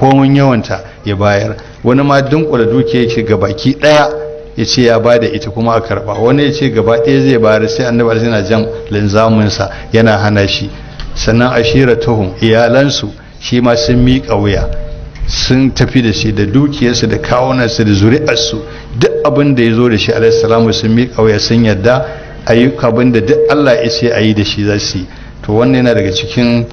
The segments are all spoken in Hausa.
komin yawanta ya bayar wani ma dunkula dukiya yake ga baki daya ya ce ya bada ita kuma a karba wani ya ce gaba ɗaya zai bayar sai annabi yana jan linzaminsa yana hana shi sannan ashira tuhum iyalansu shi ma sun miƙa wuya sun tafi da shi da dukiyarsu da kawunansu da zuri'arsu duk abin da ya zo da shi alaihi sun miƙa wuya sun yarda ayyuka abin da duk Allah ya ce a yi da shi za su yi to wannan yana daga cikin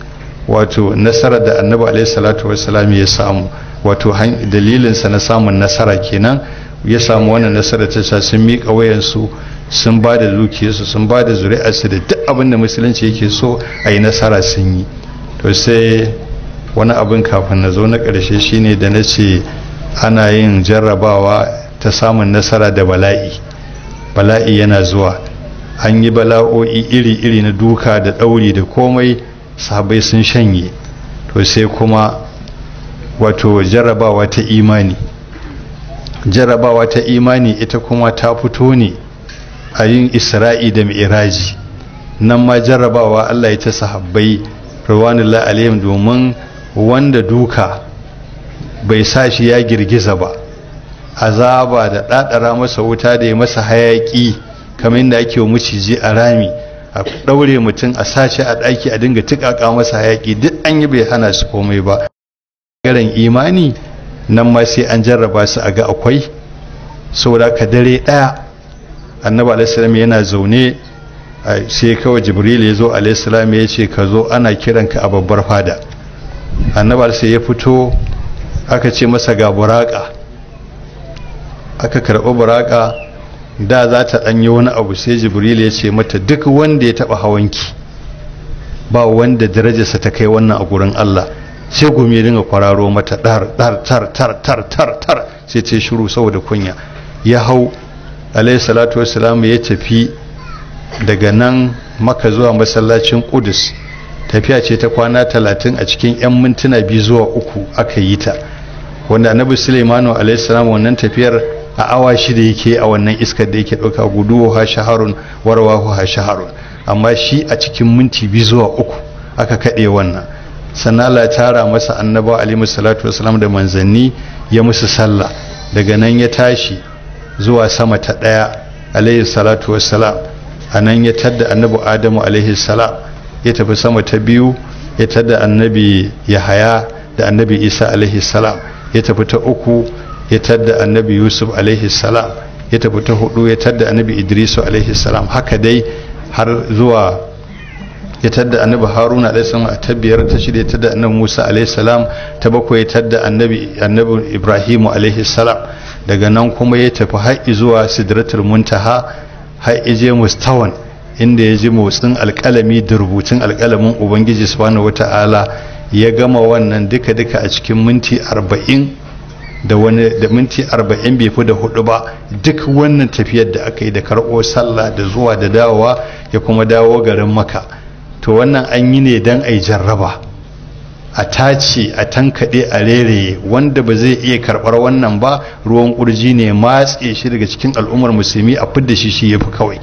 wato nasara da annabi alaihi salatu wassalam ya samu wato dalilinsa na samun nasara kenan ya samu wannan nasara ta sa sun miƙa wayansu sun ba da su sun ba da zuri'arsu da duk abin da musulunci yake so ayi nasara sun yi to sai wani abin kafin na zo na ƙarshe shine da na ce ana yin jarrabawa ta samun nasara da bala'i bala'i yana zuwa an yi bala'o'i iri-iri na duka da ɗauri da komai sahabbai sun shanye to sai kuma wato jarabawa ta imani jarabawa ta imani ita kuma ta fito ne a yin isra'i da mi'iraji nan ma jarabawa allah ya ta sahabbai rawanullah alayhim domin wanda duka bai sa shi ya girgiza ba a azaba da ɗaɗara masa wuta da ya masa hayaƙi kamar yadda ake wa maciji a rami a ɗaure mutum a sashi a ɗaki a dinga tikaka masa hayaki duk an yi bai hana su komai ba garin imani nan ma sai an jarraba su a ga akwai saboda ka dare ɗaya annabi alaihissalam yana zaune sai kawai jibril ya zo alaihissalam ya ce ka zo ana kiranka a babbar fada annabi sai ya fito aka ce masa ga buraka aka karɓi buraka da za ta ɗanyi wani abu sai jibril ya ce mata duk wanda ya taɓa hawanki ba wanda darajarsa ta kai wannan a gurin allah sai gumi ya dinga kwararo mata ɗar ɗar tar tar tar tar tar sai ta shiru saboda kunya ya hau alayhi salatu wassalam ya tafi daga nan maka zuwa masallacin ƙudus tafiya ce ta kwana talatin a cikin 'yan mintuna biyu zuwa uku aka yi ta wanda annabi suleimanu alaihissalam wannan tafiyar a awa shida yake a wannan iskar da yake ɗauka gudu ha shaharun warwahu ha shaharun amma shi a cikin minti biyu zuwa uku aka kaɗe wannan sannan Allah tara masa annabawa alaihi salatu wasalam da manzanni ya musu sallah daga nan ya tashi zuwa sama ta ɗaya alaihi salatu wasalam a nan ya tadda annabi adamu alaihi salam ya tafi sama ta biyu ya tadda annabi yahaya da annabi isa alaihi salam ya tafi ta uku ya tadda annabi yusuf alaihi salam ya tafi ta hudu ya tadda annabi idrisu alaihi salam haka dai har zuwa ya tadda annabi haruna alaihi salam a tabbiyar ta shida ya tadda annabi musa alaihi salam ta bakwai ya tadda annabi ibrahimu alaihi salam daga nan kuma ya tafi har zuwa sidratul muntaha har ije mustawan inda ya ji motsin alkalami da rubutun alkalamin ubangiji subhanahu wata'ala ya gama wannan duka-duka a cikin minti arba'in da wani da minti arba'in bai fi da hudu ba duk wannan tafiyar da aka yi da karɓo sallah da zuwa da dawowa ya kuma dawo garin maka to wannan an yi ne don a yi jarraba a tace a tankaɗe a rereye wanda ba zai iya karɓar wannan ba ruwan ƙurji ne matse shi daga cikin al'ummar musulmi a fidda shi shi ya fi kawai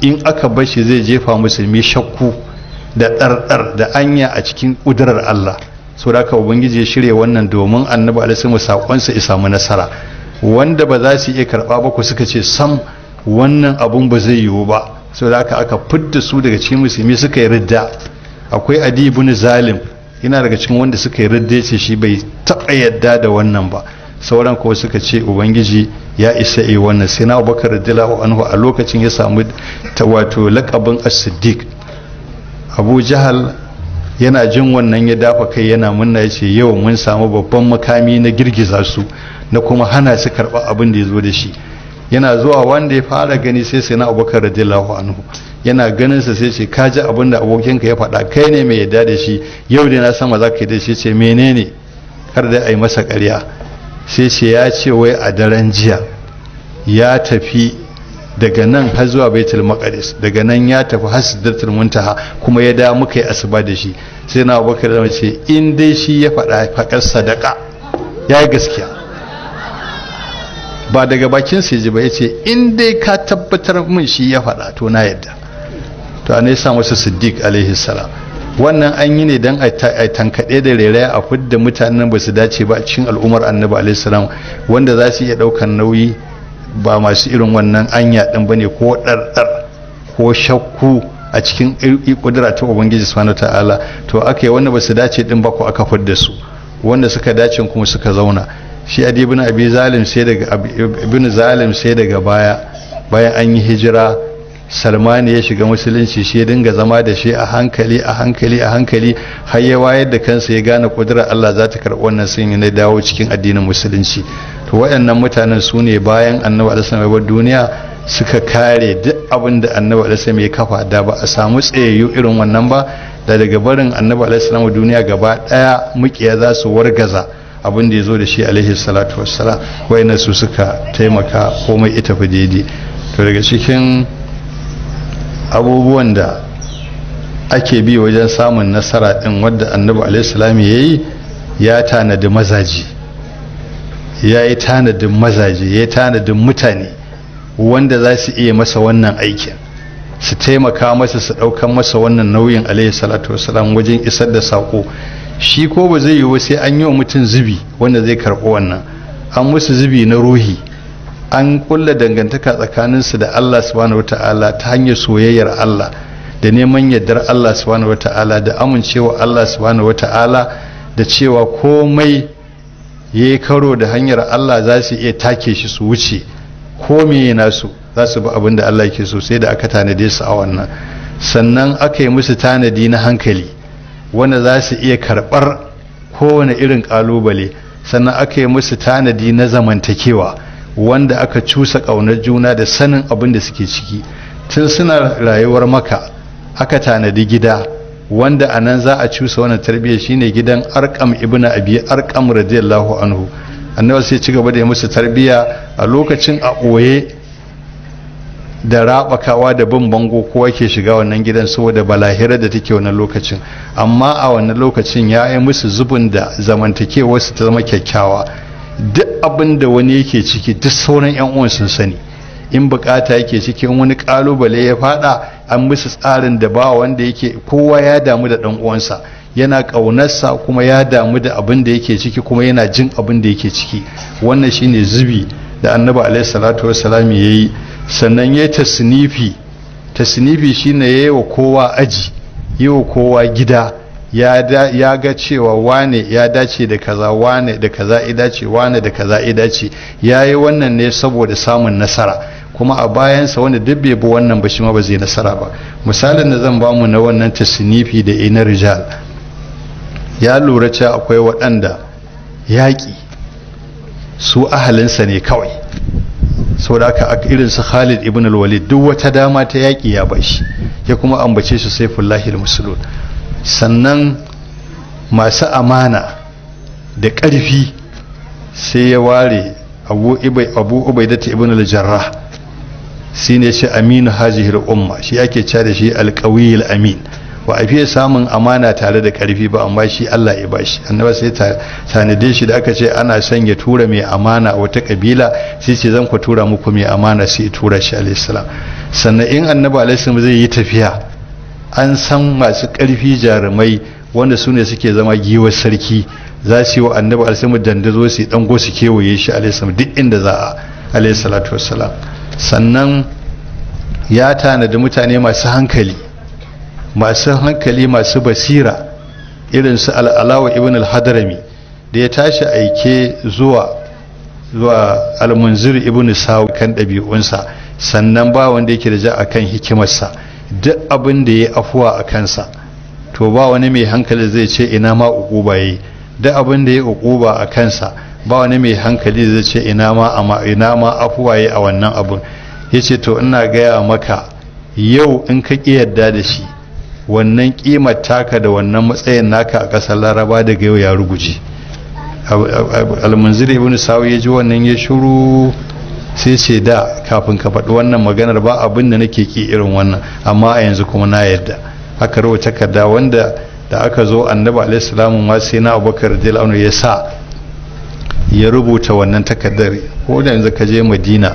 in aka bar shi zai jefa musulmi shakku da ɗarɗar da anya a cikin ƙudurar Allah saboda ubangiji ya shirya wannan domin annabi alaihi sakonsa ya samu nasara wanda ba za su iya karba ba ku suka ce sam wannan abun ba zai yiwu ba saboda haka aka fidda su daga cikin musulmi suka yi ridda akwai adi ibn zalim yana daga cikin wanda suka yi ridda ce shi bai taɓa yadda da wannan ba sauran kuwa suka ce ubangiji ya isa yi wannan sai na abubakar radiyallahu anhu a lokacin ya samu ta wato lakabin as-siddiq abu jahal yana jin wannan ya dafa kai yana munna yace yau mun samu babban makami na girgiza su na kuma hana su karɓa abin da ya zo da shi yana zuwa wanda ya fara gani sai sai na abubakar radiyallahu anhu yana ganin sa sai ce ka ji abin da abokinka ya faɗa kai ne mai yadda da shi yau dai na sama za ka yi da shi ce menene kar da yi masa ƙarya sai ce ya ce wai a daren jiya ya tafi daga nan har zuwa baitul maqdis daga nan ya tafi har sidratul muntaha kuma ya da muka yi asuba da shi sai na abubakar da ce in dai shi ya faɗa faƙar sadaka ya yi gaskiya ba daga bakin sai ji ba ya ce in dai ka tabbatar min shi ya faɗa to na yadda to an sa masa siddiq alaihi salam wannan an yi ne don a tankaɗe da rairaya a fudda mutanen ba su dace ba cikin al'umar annabi alaihi salam wanda za su iya ɗaukar nauyi ba masu irin wannan anya din bane ko ɗarɗar ko shakku a cikin kudura ta ubangiji subhanahu ta'ala to aka yi wanda ba su dace din ba ko aka fudda su wanda suka dace kuma suka zauna shi adi ibn abi zalim sai daga ibn zalim sai daga baya bayan an yi hijira salman ya shiga musulunci shi dinga zama da shi a hankali a hankali a hankali har ya wayar da kansa ya gane kudura Allah za ta karɓi wannan sun yi na dawo cikin addinin musulunci to waɗannan mutanen su ne bayan annabi alaihi wasallam duniya suka kare duk abin da annabi alaihi wasallam ya kafa da ba a samu tsayayyu irin wannan ba da daga barin annabi alaihi wasallam duniya gaba daya mukiya za su wargaza abin da ya zo da shi alaihi salatu wassalam wayannan su suka taimaka komai ita fa to daga cikin abubuwan da ake bi wajen samun nasara din wadda annabi alaihi salam yayi ya tanadi mazaji ya yi tanadin mazaje ya yi tanadin mutane wanda za su iya masa wannan aikin su taimaka masa su ɗaukan masa wannan nauyin alaihi salatu wasalam wajen isar da sako shi ko ba zai yiwu sai an yi wa mutum zubi wanda zai karɓi wannan an musu zubi na ruhi an kulla dangantaka tsakaninsu da Allah subhanahu wata'ala ta hanyar soyayyar Allah da neman yardar Allah subhanahu wata'ala da amincewa Allah subhanahu wata'ala da cewa komai ya yi karo da hanyar Allah za su iya take shi su wuce ko meye nasu za su bi abin da Allah ke so sai da aka tanade su a wannan sannan aka yi musu tanadi na hankali wanda za su iya karɓar kowane irin ƙalubale sannan aka yi musu tanadi na zamantakewa wanda aka cusa ƙaunar juna da sanin abin da suke ciki tun suna rayuwar maka aka tanadi gida wanda a nan za a cusa wannan tarbiyya shine gidan arkam ibn abi arkam radiyallahu anhu annabi sai ci gaba da ya musu tarbiyya a lokacin a koye da rabakawa da bin bango kowa ke shiga wannan gidan saboda balahira da take wannan lokacin amma a wannan lokacin ya yi musu zubin da zamantakewarsu ta zama kyakkyawa duk abin da wani yake ciki duk sauran 'yan uwan sun sani in bukata yake cikin wani kalubale ya fada an musu tsarin da ba wanda yake kowa ya damu da dan uwansa yana ƙaunarsa kuma ya damu da abin da yake ciki kuma yana jin abin da yake ciki wannan shine zubi da annabi alaihi salatu wassalam yayi sannan yayi tasnifi tasnifi shine yayi wa kowa aji yi wa kowa gida ya ga cewa wane ya dace da kaza wane da kaza idace wane da kaza idace ya yi wannan ne saboda samun nasara kuma a bayansa wanda duk bai bi wannan ba shi ma ba zai nasara ba misalin da zan bamu na wannan tasnifi da inar rijal ya lura cewa akwai waɗanda yaƙi su ahalinsa ne kawai Sau da aka irin su Khalid ibn al-Walid duk wata dama ta yaƙi ya bashi ya kuma ambace shi sai fulahil musulun sannan masu amana da ƙarfi sai ya ware Abu Ubaidata ibn al-Jarrah shi ne shi aminu hajihir umma shi ake ca da shi alƙawiyil amin ba a fiye samun amana tare da karfi ba amma shi Allah ya bashi annaba sai tanade shi da aka ce ana son ya tura mai amana wata kabila sai ce zan ku tura muku mai amana sai ya tura shi alayhi sannan in annaba alayhi zai yi tafiya an san masu ƙarfi jarumai wanda su ne suke zama giwar sarki za su yi wa annaba alayhi dandazo su dango su kewaye shi alayhi duk inda za a alayhi sannan ya tanadi mutane masu hankali masu hankali masu basira irin su al'alawa ibn al-hadrami da ya tashi aike zuwa zuwa al-munzir ibn sawi kan ɗabi'unsa sannan ba wanda yake da ja akan hikimarsa duk abin da ya afuwa a kansa to ba wani mai hankali zai ce ina ma uquba yi duk abin da ya ba a kansa ba wani mai hankali zai ce ina ma ina ma afuwaye a wannan abun yace to ina gaya maka yau in ka ki yadda da shi wannan kimar taka da wannan matsayin naka a ƙasar laraba daga yau ya ruguje almunzir ibn sawu ya ji wannan ya shuru sai ce da kafin ka faɗi wannan maganar ba abin da nake ki irin wannan amma a yanzu kuma na yadda. aka rawa takarda wanda da aka zo annabi alaihi salamu ma sai na abubakar radiyallahu ya sa ya rubuta wannan takardar ko da yanzu ka je madina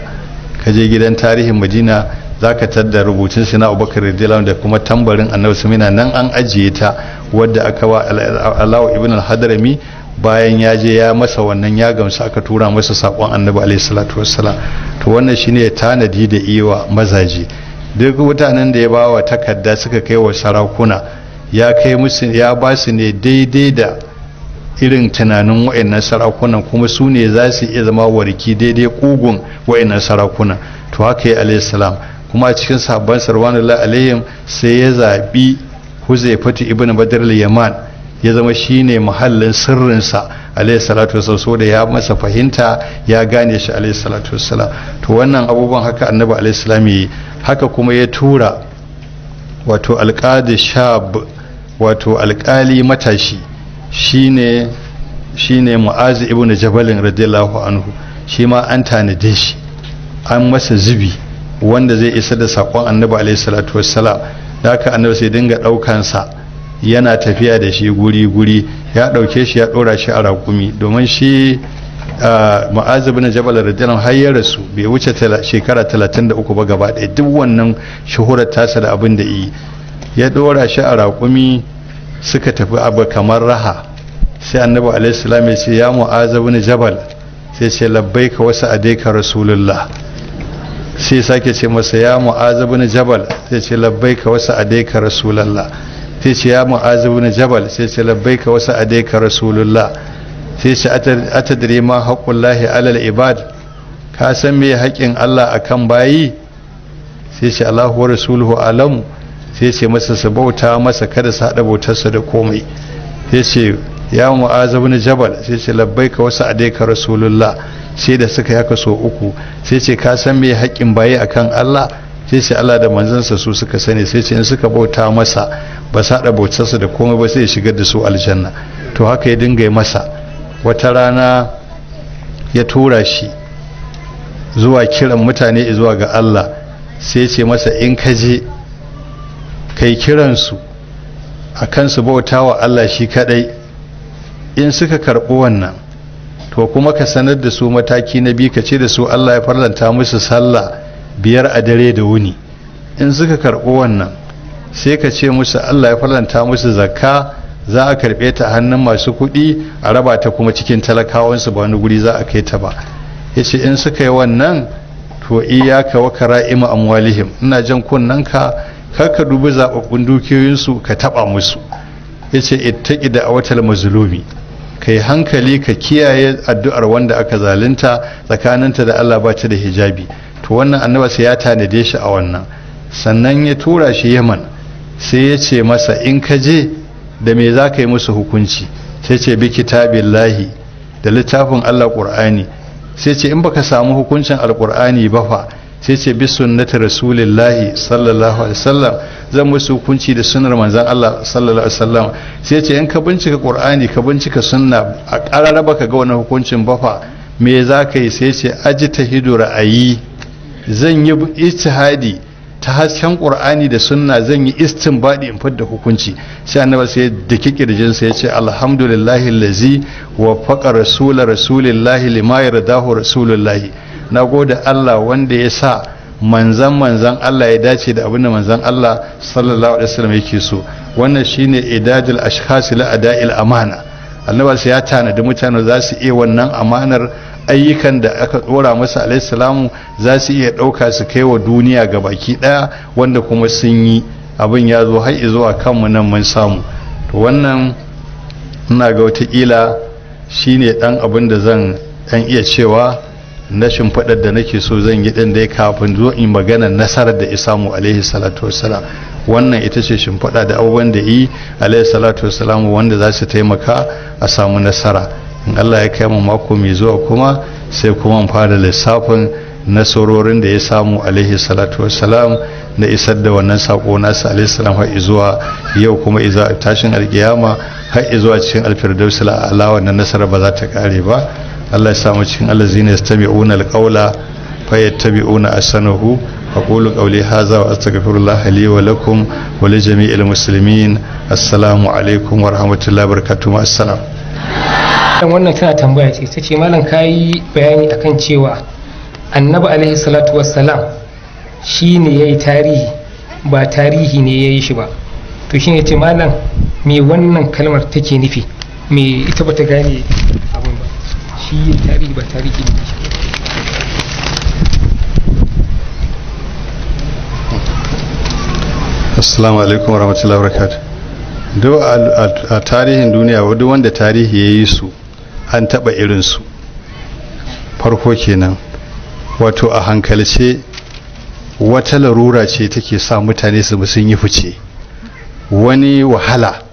ka je gidan tarihin madina za ka tadda rubutun na abubakar radiyallahu da kuma tambarin annabi mina nan an ajiye ta wadda aka wa alawo ibn al-hadrami bayan ya je ya masa wannan ya gamsu aka tura masa sakon annabi alaihi salatu wassalam to wannan shine tanadi da iwa mazaji duk mutanen da ya bawa takarda suka kai wa sarakuna ya kai musu ya ba su ne daidai da irin tunanin wa'annan sarakunan kuma su ne za su iya zama warki daidai kugun wa'annan sarakunan to haka ya alayhi salam kuma a cikin sabon sarwanullah alayhim sai ya zaɓi huzaifatu ibn badr yaman ya zama shine mahallin sirrinsa alayhi salatu wasallam da ya masa fahimta ya gane shi alayhi salatu wasallam to wannan abubuwan haka annabi alayhi salam yi haka kuma ya tura wato alƙadi shab wato alƙali matashi shine shine mu'azi ibn jabalin radiyallahu anhu shi ma an tanade shi an masa zubi wanda zai isa da sakon annabi alaihi salatu wassalam da haka annabi sai dinga daukan sa yana tafiya da shi guri guri ya dauke shi ya dora shi a raƙumi domin shi mu'azi ibn jabal radiyallahu har ya rasu bai wuce shekara 33 ba gaba ɗaya duk wannan shuhurar tasa da abin da yi ya dora shi a raƙumi suka tafi abu kamar raha sai annabi alaihissalam ya ce ya mu'aza bin jabal sai ce labbai ka wasu adeka rasulullah sai sake ce masa ya mu'aza bin jabal sai ce labbai ka wasu adeka rasulullah sai ce ya mu'aza bin jabal sai ce labbai ka wasu adeka rasulullah sai ce atadri ma haƙullahi alal ibad ka san me haƙƙin Allah akan bayi sai ce Allahu wa rasuluhu alamu sai ce masa su bauta masa kada su haɗa bautarsa da komai sai ce ya mu'aza bin jabal sai ce labbai ka wasu adai ka rasulullah sai da suka yaka so uku sai ce ka san me haƙƙin baye akan allah sai ce allah da manzansa su suka sani sai ce in suka bauta masa ba su haɗa bautarsa da komai ba sai ya shigar da su aljanna to haka ya dinga masa wata rana ya tura shi zuwa kiran mutane zuwa ga allah sai ce masa in ka je kai kiransu a kan su bauta wa Allah shi kadai in suka karɓi wannan to kuma ka sanar da su mataki na biyu ka ce da su Allah ya farlanta musu sallah biyar a dare da wuni in suka karɓi wannan sai ka ce musu Allah ya farlanta musu zakka za a karɓe ta hannun masu kuɗi a raba ta kuma cikin talakawansu ba wani guri za a kai ta ba ya in suka yi wannan to iyaka wa kara'ima amwalihim ina jan kunnanka ka dubi zababbun dukiyoyinsu ka taɓa musu Ya yace ittaqi da awatal Ka yi hankali ka kiyaye addu'ar wanda aka zalunta tsakaninta da Allah ba ta da hijabi to wannan annaba sai ya tanade shi a wannan sannan ya tura shi Yaman sai ya ce masa in ka je da me za ka yi musu hukunci sai ce bi lahi da littafin Allah ƙur'ani. sai ce in baka samu hukuncin Alƙur'ani ba fa sai ce bi sunnati rasulillahi sallallahu alaihi wasallam zan musu hukunci da sunnar manzon Allah sallallahu alaihi wasallam sai ce in ka bincika qur'ani ka bincika sunna a ba ka ga wannan hukuncin bafa. me za ka yi sai ce ajtahidu ra'ayi zan yi ijtihadi ta hasken qur'ani da sunna zan yi istinbadi in fadda hukunci sai annabi sai da kikirjin sai ce alhamdulillahi allazi wa faqa rasula rasulillahi lima yardahu rasulullahi na gode Allah wanda ya sa manzan manzan Allah ya dace da abinda manzan Allah sallallahu alaihi wasallam yake so wannan shine idadul ashkhas la ada'il amana annabi sai ya tanadi mutane za su iya wannan amanar ayyukan da aka dora masa alaihi salamu za su iya dauka su kai wa duniya ga baki daya wanda kuma sun yi abin ya zo har zuwa kanmu nan mun samu to wannan ina ga wata kila shine dan abin da zan dan iya cewa na shimfiɗar da nake so zan yi ɗin da kafin zo in magana nasarar da isamu alaihi salatu wassalam wannan ita ce shimfiɗa da abubuwan da yi alaihi salatu wassalam wanda za su taimaka a samu nasara in allah ya kai mu mako mai zuwa kuma sai kuma mu fara lissafin nasarorin da ya samu alaihi salatu wassalam na isar da wannan saƙo nasu alaihi salam har zuwa yau kuma iza tashin alƙiyama har zuwa cikin a ala wannan nasara ba za ta ƙare ba Allah ya samu cikin ya allazina yastabi'una alqawla fayattabi'una ahsanahu a qawli a wa kauli li wa lakum wa li jami'il muslimin assalamu alaikum wa rahmatullahi wa barakatuh assalam wannan tana tambaya ce tace malam kai bayani akan cewa annabi alaihi salatu wassalam shine yayi tarihi ba tarihi ne yayi shi ba to shine ce malam me wannan kalmar take nufi me ita bata gane shi yin tarihi ba tarihi ne shi assalamu alaikum wa rahmatullahi wa barakatuh duk a tarihin duniya duk wanda tarihi ya yi su an taɓa irinsu farko kenan wato a hankalce wata larura ce take sa mutane su sun yi fice wani wahala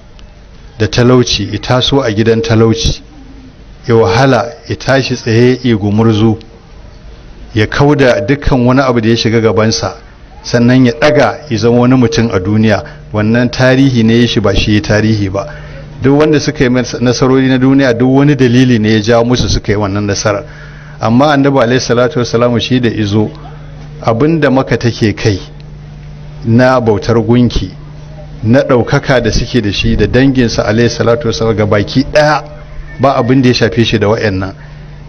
da talauci ita so a gidan talauci ya wahala ya tashi tsaye ya gumurzu ya kauda dukkan wani abu da ya shiga gabansa sannan ya daga ya zama wani mutum a duniya wannan tarihi ne ya shi ba shi ya tarihi ba duk wanda suka yi nasarori na duniya duk wani dalili ne ya ja musu suka yi wannan nasarar amma annabi alaihi salatu wasalamu shi da izo abinda maka take kai na bautar gunki na ɗaukaka da suke da shi da danginsa alaihi salatu wasalam ga baki ɗaya ba abin da ya shafe shi da wa'annan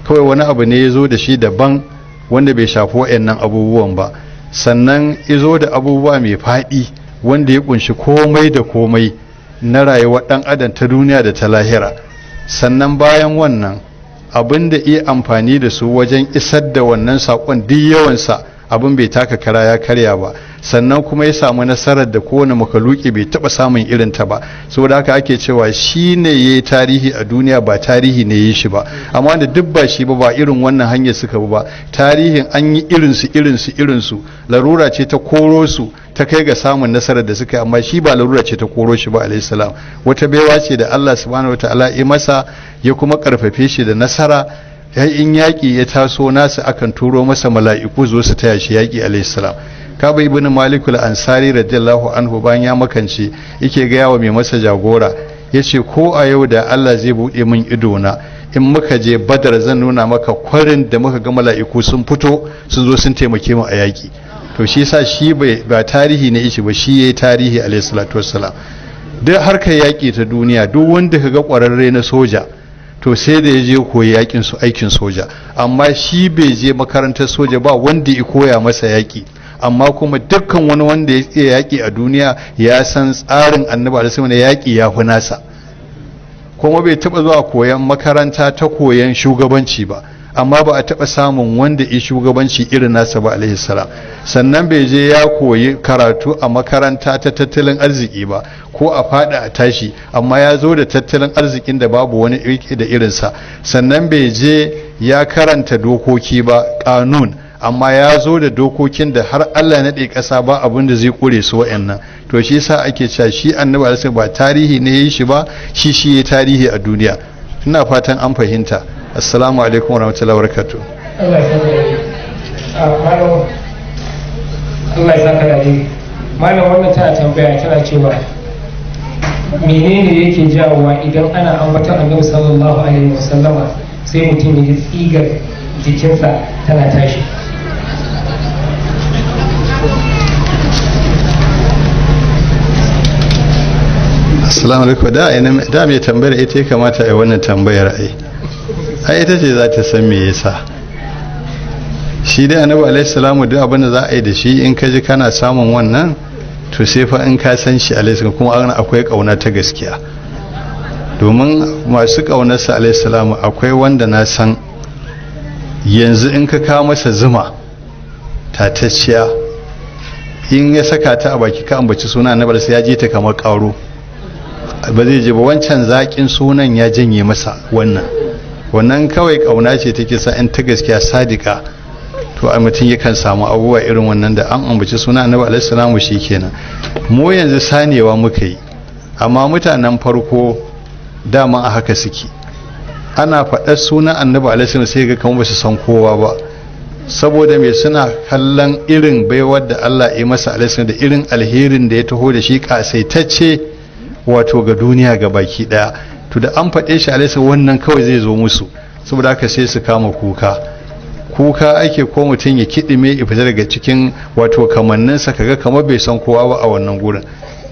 kawai wani abu ne ya zo da shi daban wanda bai shafi wa'annan abubuwan ba sannan ya zo da abubuwa mai faɗi wanda ya kunshi komai da komai na rayuwa ɗan adam ta duniya da ta lahira sannan bayan wannan abin da iya amfani da su wajen isar da wannan saƙon duk yawansa abin bai taka kara ya karya ba sannan kuma ya samu nasarar da kowane makaluki bai taba samun irin ta ba saboda haka ake cewa shi ne ya yi tarihi a duniya ba tarihi ne ya shi ba amma da duk ba shi ba irin wannan hanyar suka ba tarihin an yi irinsu irinsu irinsu larura ce ta koro su ta kai ga samun nasarar da suka yi amma shi ba larura ce ta koro shi ba alayhi wata baiwa ce da Allah subhanahu wataala ya masa ya kuma karfafe shi da nasara in yaƙi ya taso nasu akan turo masa mala'iku zo su taya shi yaƙi alayhi kaba ibn malik al-ansari radiyallahu anhu bayan ya makance yake ga yawa mai masa jagora yace ko a yau da Allah zai bude min ido na in muka je badar zan nuna maka kwarin da muka ga mala'iku sun fito sun zo sun taimake mu a yaki to shi sa shi ba tarihi ne ishi ba shi yayi tarihi alayhi salatu wassalam duk harkar yaki ta duniya duk wanda kaga kwararre na soja to sai da yaje koyi yakin su aikin soja amma shi bai je makarantar soja ba wanda ya koya masa yaki amma kuma dukkan wani wanda ya iya yaƙi a duniya ya san tsarin annaba da sai yaƙi ya fi nasa kuma bai taɓa zuwa koyan makaranta ta koyan shugabanci ba amma ba a taɓa samun wanda ya shugabanci irin nasa ba alaihi salam sannan bai je ya koyi karatu a makaranta ta tattalin arziki ba ko a fada a tashi amma ya zo da tattalin arzikin da babu wani da irinsa sannan bai je ya karanta dokoki ba kanun amma ya zo da dokokin da har Allah na ɗe ƙasa ba abin da zai kore su wa'annan to shi yasa ake cewa shi annabi alaihi ba tarihi ne yayi shi ba shi shi ya tarihi a duniya ina fatan an fahimta assalamu alaikum warahmatullahi wabarakatuh ah, Allah ya saka da ni malam wannan tana tambaya tana cewa menene yake jawowa idan ana ambaton annabi sallallahu alaihi wasallama sai mutum ya tsigar jikinsa tana tashi assalamu alaikum da da mai tambayar ita ya kamata a wannan tambayar ai ai ita ce za ta san me yasa shi dai annabi alaihi salamu duk abin da za a yi da shi in ka ji kana samun wannan to sai fa in ka san shi alaihi kuma akwai kauna ta gaskiya domin masu kaunarsa alaihi salamu akwai wanda na san yanzu in ka kawo masa zuma tatacciya in ya saka ta a baki ka ambaci suna na sai ya je ta kamar karo ba zai ji ba wancan zaƙin sunan ya janye masa wannan wannan kawai ƙauna ce ta kisa in ta gaskiya sadika to a mutum yakan samu abubuwa irin wannan da an ambaci suna annabi alaihi shi kenan mu yanzu sanewa muka yi amma mutanen farko dama a haka suke ana faɗar sunan annabi alaihi sai ga kamar basu san kowa ba saboda mai suna kallon irin baiwar da Allah ya masa alaihi da irin alherin da ya taho da shi kasaitacce wato ga duniya ga baki daya to da an faɗe shi alaisa wannan kawai zai zo musu saboda haka sai su kama kuka kuka ake ko mutum ya kiɗime ya fita daga cikin wato kamanninsa kaga kamar bai san kowa ba a wannan gurin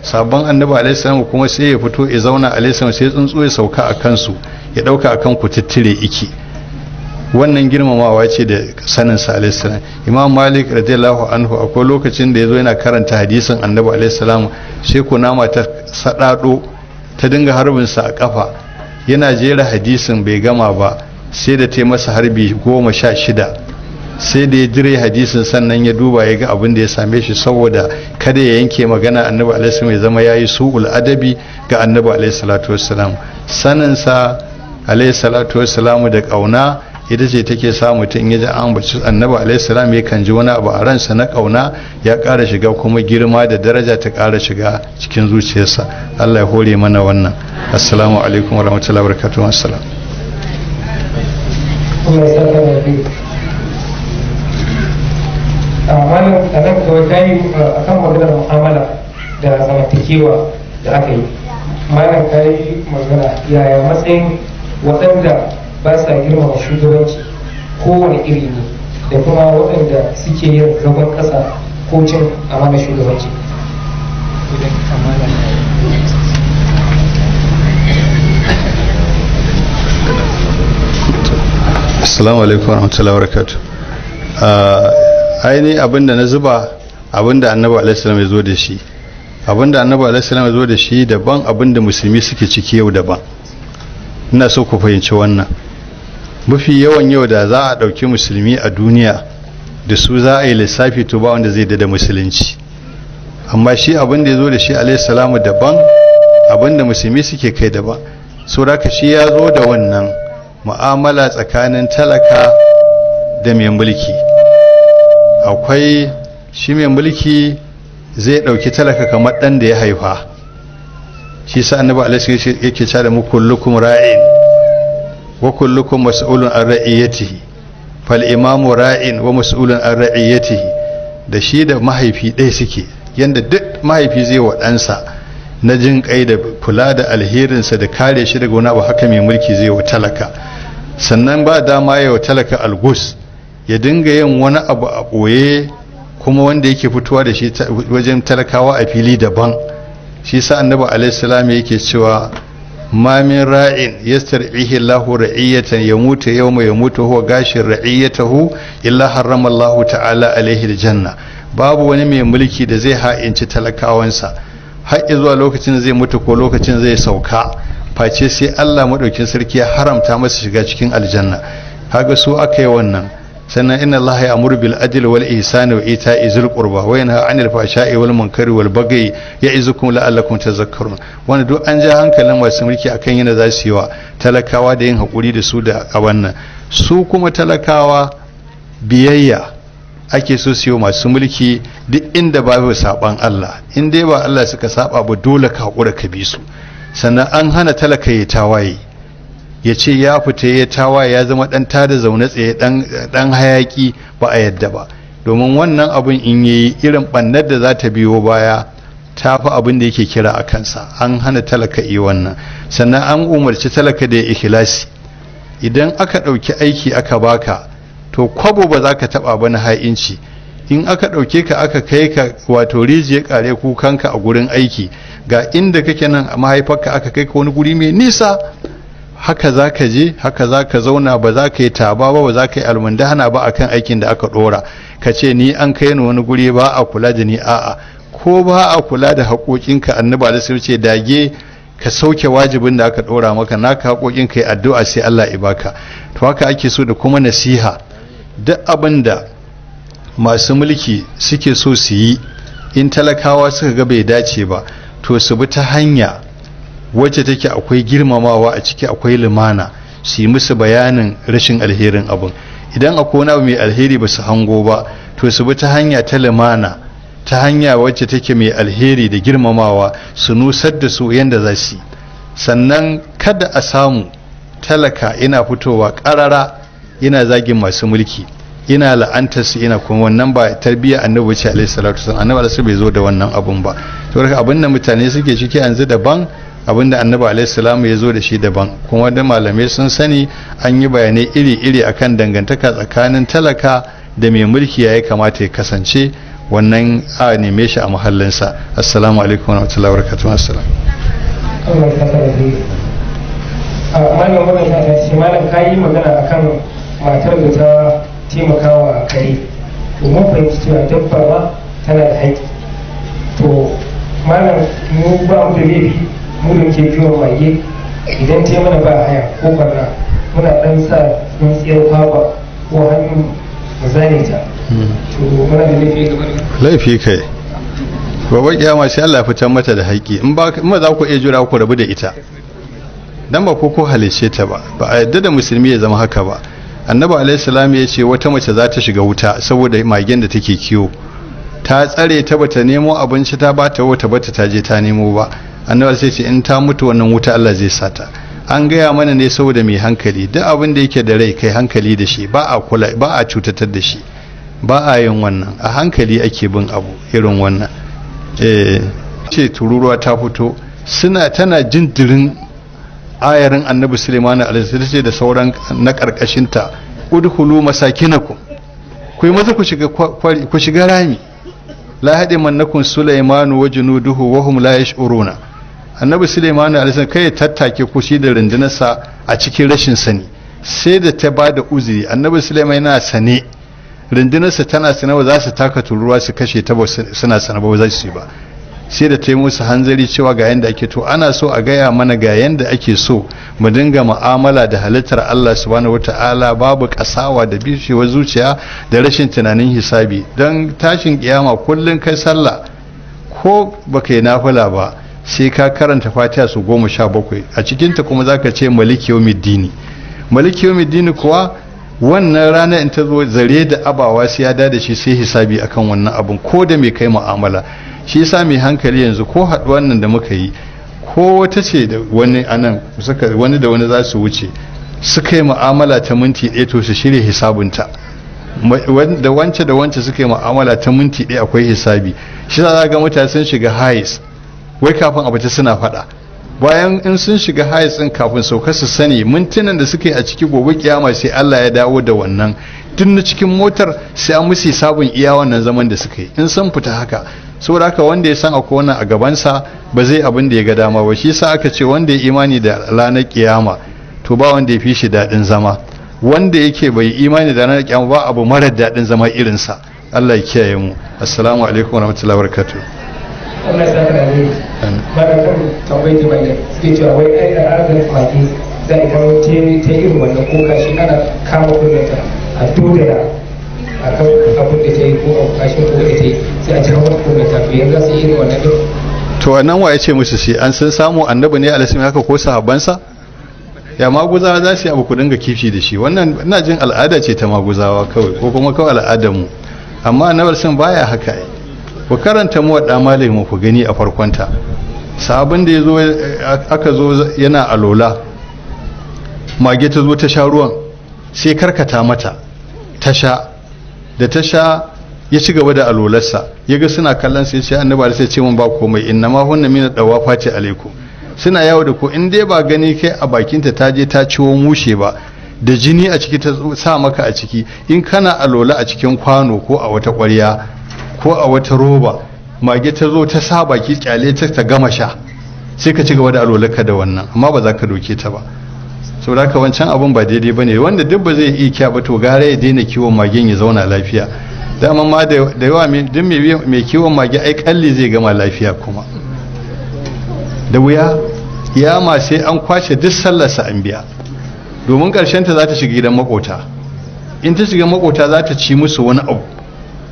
sabon annabi alaihissalam kuma sai ya fito ya zauna alaihissalam sai tsuntsu ya sauka a kansu ya ɗauka a kan kututture iki wannan girmamawa ce da sanin sa salam imam malik radiyallahu anhu akwai lokacin da ya zo yana karanta hadisin annabi salam sai nama ta saɗaɗo ta dinga harbinsa a ƙafa yana jera hadisin bai gama ba sai da ta masa harbi goma sha shida sai da ya jire hadisin sannan ya duba ya ga abin da ya same shi saboda kada ya yanke magana annabi alaihi ya zama yayi su'ul adabi ga annabi alaihi salatu wassalam saninsa alaihi salatu da ƙauna ita ce take sa mutum ya ji an bace annabi alaihi salam ya kan ji wani abu a ransa na kauna ya ƙara shiga kuma girma da daraja ta ƙara shiga cikin zuciyarsa Allah ya hore mana wannan assalamu alaikum wa rahmatullahi wa ah, malam a nan kawai ta yi ah, a kan mu'amala da da aka yi malam ta yi magana yaya matsayin waɗanda ba sa girmama shugabanci kowane iri ne da kuma waɗanda suke yin zagon ƙasa ko cin mana shugabanci assalamu alaikum warahmatullahi wabarakatuh ah, aini abinda na zuba abinda annabi alaihissalam ya zo da shi abinda annabi alaihissalam ya zo da shi daban abinda musulmi suke ciki yau daban ina so ku fahimci wannan mafi yawan yau da za a ɗauki musulmi a duniya da su za a yi lissafi to ba wanda zai da musulunci amma shi abin da ya zo da shi alaihi salamu daban abin da musulmi suke kai daban sauraka shi ya zo da wannan mu'amala tsakanin talaka da mai mulki akwai shi mai mulki zai ɗauki talaka kamar ɗan da ya haifa shi sa annabi alaihi yake cewa da mu ra'in wa kullukum mas'ulun an ra'iyatihi fal imamu ra'in wa mas'ulun an ra'iyatihi da shi da mahaifi ɗaya suke yanda duk mahaifi zai wa ɗansa na jin kai da kula da alherinsa da kare shi daga wani abu haka mai mulki zai wa talaka sannan ba dama ya wa talaka algus ya dinga yin wani abu a ɓoye kuma wanda yake fitowa da shi wajen talakawa a fili daban shi sa annabi alaihi salam yake cewa ma min ra'in yastar'ihi Allahu ra'iyatan yamutu yawma yamutu huwa gashin ra'iyatahu illa harrama Allahu ta'ala alaihi aljanna babu wani mai mulki da zai ha'inci talakawansa har zuwa lokacin zai mutu ko lokacin zai sauka face sai Allah madaukin sarki ya haramta masa shiga cikin aljanna kaga su aka yi wannan sannan inna ya ya'muru bil adli wal ihsan wa ita izul qurba wa yanha 'anil fasha'i wal munkari wal baghi ya'izukum la'allakum tadhakkarun wannan duk an ja hankalin masu mulki akan yana za su yi wa talakawa da yin hakuri da su da a wannan su kuma talakawa biyayya ake so su yi masu mulki duk inda babu saban Allah in dai ba Allah suka saba ba dole ka hakura ka bi su sannan an hana talaka ya tawaye ya ce ya fita ya tawa ya zama dan tada zaune tsaye dan hayaki ba a yadda ba domin wannan abin in yi irin bannar da za ta biyo baya ta fi abin da yake kira a kansa an hana talaka yi wannan sannan an umarci talaka da ya ikhlasi idan aka ɗauki aiki aka baka to kwabo ba za ka taɓa ba na ha'inci in aka ɗauke ka aka kai ka wato rijiya kare kukanka a gurin aiki ga inda kake nan a mahaifarka aka kai ka wani guri mai nisa haka za ka je haka za ka zauna ba za ka yi taba ba ba za ka yi almundahana ba akan aikin da aka dora ka ce ni an kai ni wani guri ba a kula da ni a'a ko ba a kula da haƙoƙinka annaba da sun ce dage ka sauke wajibin da aka dora maka naka haƙoƙin ka yi addu'a sai Allah ya baka to haka ake so da kuma nasiha duk abinda masu mulki suke so su yi in talakawa suka ga bai dace ba to su bi ta hanya wacce take akwai girmamawa a ciki akwai limana su yi musu bayanin rashin alherin abin idan akwai wani abu mai alheri ba su hango ba to su bi ta hanya ta limana ta hanya wacce take mai alheri da girmamawa su nusar da su yadda za su sannan kada a samu talaka ina fitowa ƙarara ina zagin masu mulki ina la'antar su ina kuma wannan ba tarbiyyar annabi ce alaihi salatu wasallam annabi bai zo da wannan abun ba to abin da mutane suke ciki yanzu daban abinda annabi alaihissalam ya zo da shi daban kuma da malamai sun sani an yi bayanai iri-iri akan dangantaka tsakanin talaka da mai mulki ya kamata ya kasance wannan a neme shi a mahallinsa assalamu alaikum wa rahmatullahi wa barakatuhu assalam malam wannan ta ce malam ka yi magana akan matar da ta taimakawa kare domin fahimci cewa dabba ma tana da haƙƙi to malam mu ba mu da laifi muna ke muke kiwon mage idan ta mana ba haya ko barna muna dan sa tsintsiyar kwakwa ko hannun mu zane ta to muna da laifi ga laifi kai gobe kyama sai Allah fitar mata da haƙi in ba za ku iya jira ku rabu da ita dan ba ko ko halice ta ba ba a yadda da musulmi ya zama haka ba annabi alaihi salam ya ce wata mace za ta shiga wuta saboda magen da take kiwo ta tsare ta bata nemo abinci ta bata wata bata ta je ta nemo ba annabi sai ce in ta mutu wannan wuta Allah zai sata an gaya mana ne saboda mai hankali duk abin da yake da rai kai hankali da shi ba a kula ba a cutatar da shi ba a yin wannan a hankali ake bin abu irin wannan eh ce tururuwa ta fito suna tana jindirin ayarin annabi Sulaiman alaihi da sauran na karkashin ta udkhulu masakinakum ku yi maza ku shiga ku shiga rami la hadi mannakum Sulaiman wa junuduhu wa hum la yash'uruna annabi suleiman alaihi kai ya tattake kushi da rundunarsa a cikin rashin sani sai da ta ba da uzuri annabi suleiman yana sane rundunarsa tana sane ba za su taka turuwa su kashe ta suna sane ba za su yi ba sai da ta yi musu hanzari cewa ga yanda ake to ana so a gaya mana ga yanda ake so mu dinga mu'amala da halittar Allah subhanahu wata'ala babu kasawa da bishewar zuciya da rashin tunanin hisabi don tashin kiyama kullum kai sallah ko baka yi nafila ba sai ka karanta fatiha su goma sha bakwai a cikinta kuma za ka ce maliki dini maliki dini kuwa wannan rana in ta zo zare da abawa sai ya dada shi sai hisabi akan wannan abun ko da mai kai mu'amala shi yasa mai hankali yanzu ko haɗuwan nan da muka yi ko wata ce da wani anan suka wani da wani za su wuce suka yi mu'amala ta minti ɗaya to su shirya hisabunta da wance da wance suka yi mu'amala ta minti ɗaya akwai hisabi shi za ga mutane sun shiga hais wai kafin ta suna faɗa bayan in sun shiga hayatsin kafin sauka su sani mintunan da suke a ciki gobe kiyama sai Allah ya dawo da wannan tun na cikin motar sai an musu sabon iya wannan zaman da suka yi in san fita haka saboda haka wanda ya san akwai wannan a gabansa ba zai abin da ya ga dama ba shi yasa aka ce wanda ya imani da ranar kiyama to ba wanda ya fi shi daɗin zama wanda yake bai imani da ranar kiyama ba abu marar daɗin zama irinsa Allah ya kiyaye mu assalamu alaikum warahmatullahi wabarakatuh Allah ya saka da alheri ba da kan tambayi ta bayyana suke cewa wai ai a arzan zai za a kawo ta irin wannan koka shi ana kama ta a dodara a kan abin da ta yi ko a kashin ko da ta yi sai a ci hawa kullata ta yanzu za su yi irin wannan din to wannan wa ya ce musu shi an sun samu annabi ne alaihi haka ko sahabbansa ya maguzawa za su yi abu kudin dinga kifi da shi wannan ina jin al'ada ce ta maguzawa kawai ko kuma kawai al'adamu amma annabar sun baya haka ku karanta mu muwadda malamin ku gani a farkonta sabon da aka zo yana alola mage ta zo ta sha ruwan sai karkata mata ta sha da ta sha ya ci gaba da alolarsa ya ga suna kallon sai sai annaba sai ce mun ba komai inna ma hunna mina dawa Fati alaikum suna yawo da ko in dai ba gani kai a bakinta ta je ta ciwo mushe ba da jini a ciki ta sa maka a ciki in kana alola a cikin kwano ko a wata ƙwarya ko a wata roba mage ta zo ta sa baki kyale ta ta gama sha sai ka ci gaba da alwalarka da wannan amma ba za ka doke ta ba saboda ka wancan abun ba daidai bane wanda duk ba zai iya kya ba to gara ya daina kiwon magen ya zauna lafiya dama ma da yawa duk mai kiwon mage ai kalli zai gama lafiya kuma da wuya ya ma sai an kwashe duk sallarsa an biya domin ƙarshen ta za ta shiga gidan makota in ta shiga makota za ta ci musu wani abu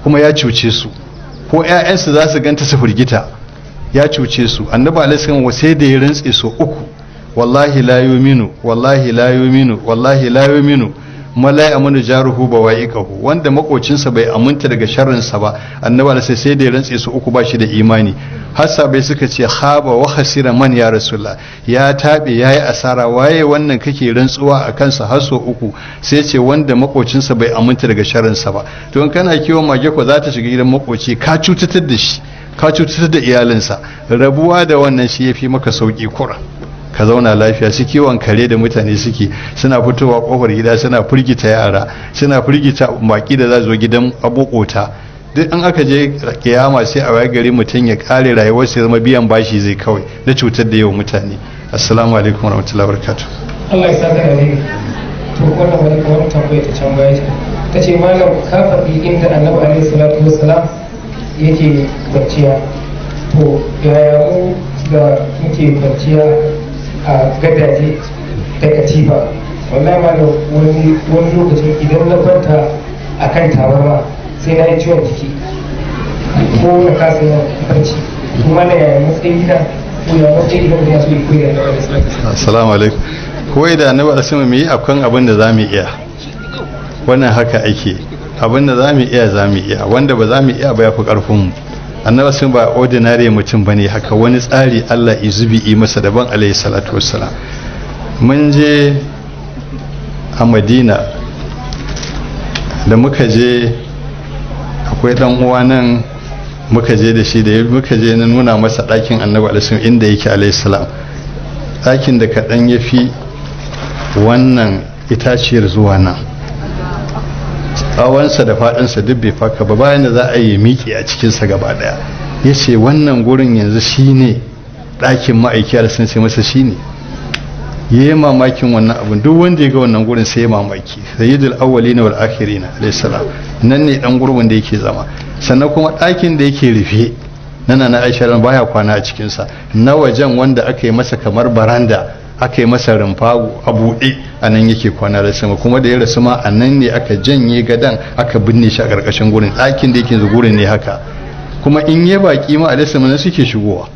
kuma ya cuce su ko 'ya'yansu za su ganta su firgita ya cuce su annabi alaihi wa sai da ya rantse so uku wallahi layu minu, wallahi layu minu, wallahi layu minu. kuma la amanu jaruhu ikahu wanda makocinsa bai aminta daga sharrinsa ba annaba sai sai da ya rantse su uku bashi da imani hassa bai suka ce haba wa hasira man ya rasulullah ya tabe yayi asara waye wannan kake rantsuwa a kansa har uku sai ce wanda makocinsa bai aminta daga sharrinsa ba to in kana kiwon mage ko za ta shiga gidan makoci ka cutatar da shi ka cutar da iyalinsa rabuwa da wannan shi ya fi maka sauki kura ka zauna lafiya su kiwon kare da mutane suke suna fitowa kofar gida suna firgita yara suna firgita baki da za zo gidan abokota duk an aka je kiyama sai a waye gari mutum ya kare rayuwar sai zama biyan bashi zai kawai na cutar da yawan mutane assalamu alaikum wa wabarakatuh Allah ya saka da to wannan wani kamar tambaya ta can baya ta ce malam ka faɗi inda annabi alaihi salatu wassalam yake barciya to yaya mu da muke kwanciya gadaje da katifa wannan ma da wani lokacin idan na kwanta a kan tabarma sai na yi ciwon jiki ko na kasa yin barci kuma na yaya matsayi gida ko ya matsayi gida da ya so yi koyar da wani sanata assalamu alaikum kawai da na ba sama mu yi akwai abin da za mu iya wannan haka ake abin da za mu iya za mu iya wanda ba za mu iya ba ya fi ƙarfinmu annabi sun ba ordinary mutum bane haka wani tsari Allah izubi masa daban alayhi salatu wassalam mun je a madina da muka je akwai dan uwa nan muka je da shi da muka je na nuna masa ɗakin annabi alaihi inda yake alaihi salam ɗakin da kaɗan ya fi wannan itaciyar zuwa nan tsawonsa da faɗinsa duk bai faka ba bayan da za a yi miƙe a cikinsa gaba ɗaya ya ce wannan gurin yanzu shi ne ɗakin ma'aikiyar sun ce masa shi ne ya yi mamakin wannan abin duk wanda ya ga wannan gurin sai ya mamaki sayyidul awwali na wal akhiri na alaihissalam nan ne dan gurbin da yake zama sannan kuma ɗakin da yake rufe nana na aisha baya kwana a cikinsa na wajen wanda aka yi masa kamar baranda aka yi masa rumfa a buɗe a nan yake kwana da sama kuma da ya rasu ma a nan ne aka janye gadon aka binne shi a ƙarƙashin gurin ɗakin da yake yanzu gurin ne haka kuma in ya baƙi ma a da sama suke shigowa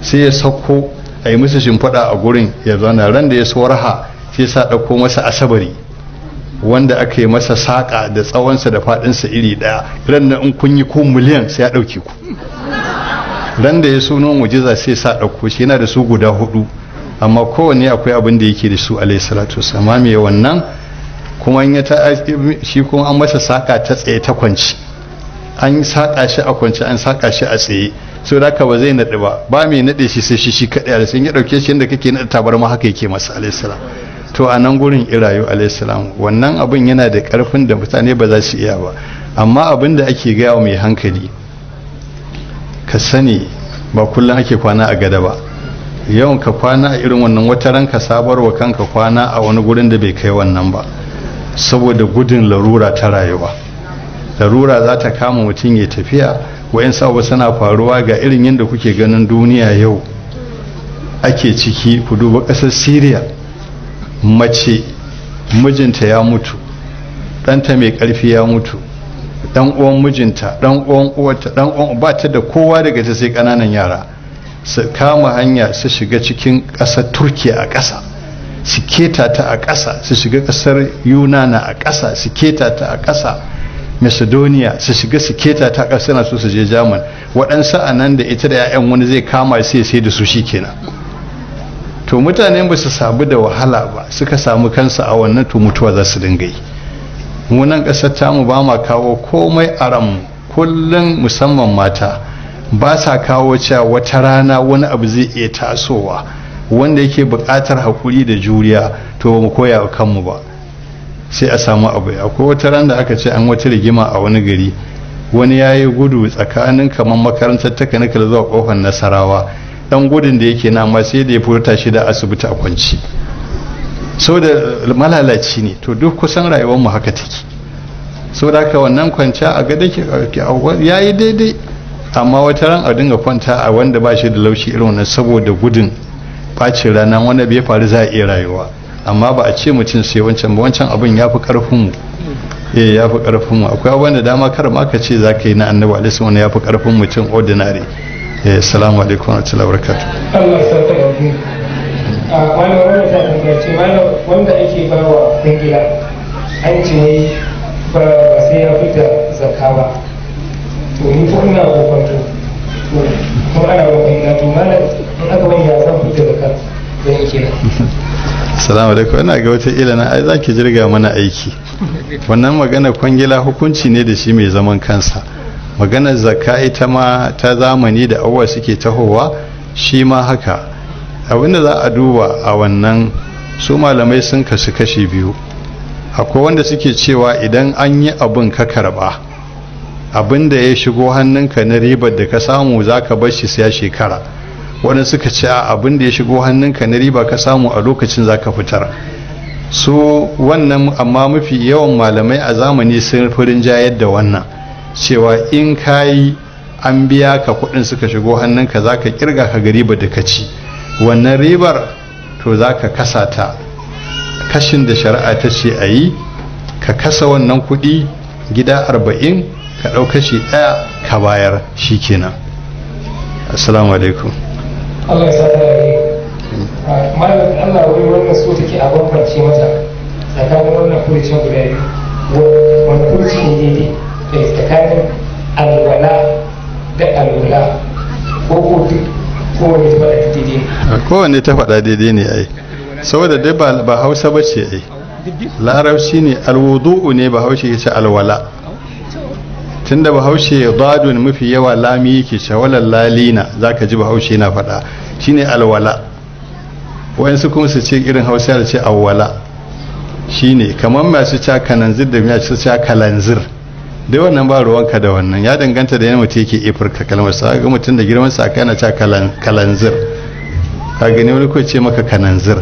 sai ya sauko a yi musu shimfiɗa a gurin ya zauna ran da ya sauraha sai sa ɗauko masa asabari wanda aka yi masa saƙa da tsawonsa da faɗinsa iri ɗaya ran da in kun yi ko miliyan sai ya ɗauke ku ran da ya suno mujiza sai sa ɗauko shi yana da su guda hudu amma kowane akwai abin da yake da su alayhi salatu amma mai wannan kuma in ya ta shi kuma an masa saka ta tsaye ta kwanci an saka shi a kwanci an saka shi a tsaye so da ka ba zai naɗe ba ba mai naɗe shi sai shi shi kaɗai alaihi sun yi ɗauke shi yadda kake naɗe tabarma haka yake masa alaihi to a nan gurin irayu alaihi wannan abin yana da ƙarfin da mutane ba za su iya ba amma abin da ake gaya mai hankali ka sani ba kullum ake kwana a gada ba yawan ka kwana a irin wannan wata ranka sabarwa kanka kwana a wani gurin da bai kai wannan ba saboda gudun larura ta rayuwa larura za ta kama mutum ya tafiya wayan abu suna faruwa ga irin yadda kuke ganin duniya yau ake ciki ku duba ƙasar syria mace mijinta ya mutu ɗanta mai ƙarfi ya mutu ɗan uwan mijinta ɗan uwan uwarta ɗan uwan ba ta da kowa daga ta sai ƙananan yara su kama hanya su shiga cikin ƙasar turkiya a ƙasa su keta ta a ƙasa su shiga ƙasar yunana a ƙasa su keta ta a ƙasa macedonia su shiga su keta ta a ƙasa na so su je jaman waɗansu a nan da ita da 'ya'yan wani zai kama sai sai da su shikenan to mutane ba su sabu da wahala ba suka samu kansa a wannan to mutuwa za su dinga yi munan ƙasar tamu ba ma kawo komai aram kullum musamman mata ba sa kawo cewa wata rana wani abu zai iya tasowa wanda yake buƙatar haƙuri da juriya to ba mu koya wa kanmu ba sai a samu abu akwai wata ran da aka ce an wata rigima a wani gari wani ya yi gudu tsakanin kamar makarantar takanikal zuwa kofar nasarawa dan gudun da yake nama sai da ya furta shi da asibiti a kwanci so da malalaci ne to duk kusan rayuwar mu haka take so da haka wannan kwanciya a gada ya yi daidai amma wata ran a dinga kwanta a wanda ba shi da laushi irin wannan saboda gudun bacin rana wanda bai faru za a iya rayuwa amma ba a ce mutum sai wancan ba wancan abin ya fi karfin mu eh ya fi karfin mu akwai abin da dama kar ma ka ce za ka yi na annabi alaihi wani ya fi karfin mutum ordinary eh assalamu alaikum wa rahmatullahi wa barakatuh Allah ya saka a wani da ce ah, malam wanda ake bawa dangila an ce ba sai ya fita zakka ba to ina ko ana aka ya san da kan zan salamu alaikum ina ga wata ila na ai zaki jirga mana aiki wannan magana kwangila hukunci ne da shi mai zaman kansa maganar zakka ita ma ta zamani da awa suke tahowa shi ma haka abinda za a duba a wannan su malamai sun kasu kashi biyu akwai wanda suke cewa idan an yi abin ka karba abin da ya shigo hannunka na ribar da ka samu za ka bar shi sai shekara wani suka ce a abin da ya shigo hannunka na riba ka samu a lokacin za ka fitar Su wannan amma mafi yawan malamai a zamani sun furin jayar da wannan cewa in ka yi an biya ka kuɗin suka shigo hannunka za ka kirga ka ga riba da ka ci wannan ribar to za ka kasa ta kashin da shari'a ta ce a yi ka kasa wannan kuɗi gida arba'in ka shi ɗaya ka bayar shi kenan assalamu alaikum Allah ya sata da ah, malam Allah wai wannan so take a bambance mata tsakanin wannan furicin guda biyu wani furici ne ne da tsakanin alwala da alwala ko ko duk kowane ta faɗa daidai ne ah, kowane ta faɗa daidai ne ai saboda dai ba hausa ba ce ai larabci ne alwudu'u ne ba hausa ya ce alwala tunda bahaushe dadun mafi yawa lami yake shawalar lalina za ka ji bahaushe na faɗa shine alwala wayansu kuma su ce irin hausa da ce awwala shine kamar masu cakalanzir da masu cakalanzir da wannan ba ruwanka da wannan ya danganta da yana mutum yake ifirka kalmar sa ga mutum da girman sa kana ca kalanzir ka gani wani kawai ce maka kananzir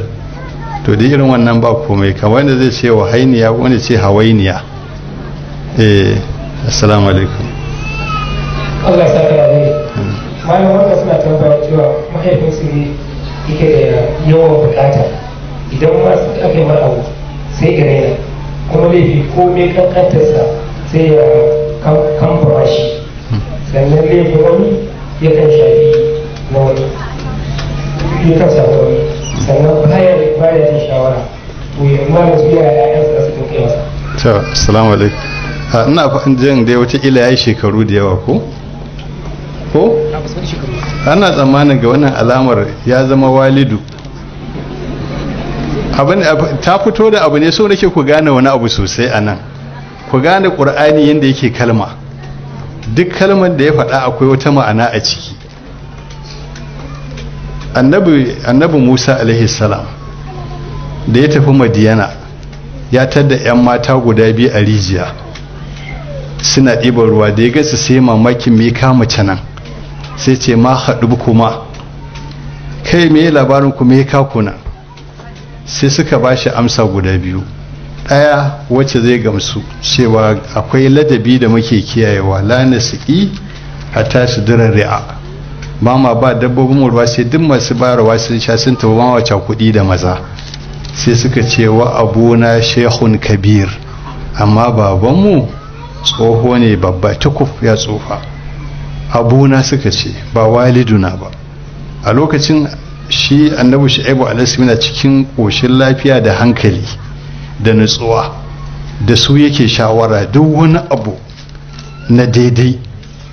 to da irin wannan ba komai kamar wanda zai ce hainiya wani ce hawainiya eh assalamu alaikum Allah ya saka alai malam wanda suna tambaya cewa mahaifinsu ne yake da yawan bukata idan ma su aka yi mara abu sai ga raina kuma laifi ko mai kankantarsa sai ya kamfama shi sannan laifin wani yakan shafi na wani yakan shafi wani sannan baya baya jin shawara to ya malam su yaya ya'yansa su kai masa. Assalamu alaikum. ina jin dai wata ila yi shekaru da yawa ko ko ana tsammanin ga wannan alamar ya zama walidu ta fito da abu ne so nake ku gane wani abu sosai a nan ku gane ƙur'ani yadda yake kalma duk kalmar da ya faɗa akwai wata ma'ana a ciki annabi musa salam da ya tafi madiyana ya tada 'yan mata guda biyu a rijiya suna ɗiban ruwa da ya gasu sai mamakin me kama canan sai ce ma haɗu kuma kai me labarin ku kaku nan sai suka ba shi amsa guda biyu ɗaya wacce zai gamsu cewa akwai ladabi da muke kiyayewa la nasiqi a tashi dira ri'a ba ma ba dabbobin ruwa sai duk masu bayarwa sun sha sun taba ma wacce kuɗi da maza sai suka ce wa na shehun kabir amma babanmu tsoho ne babba tukuf ya tsufa abuna suka ce ba waliduna ba a lokacin shi annabi shu'aibu alaihi yana cikin koshin lafiya da hankali da nutsuwa da su yake shawara duk wani abu na daidai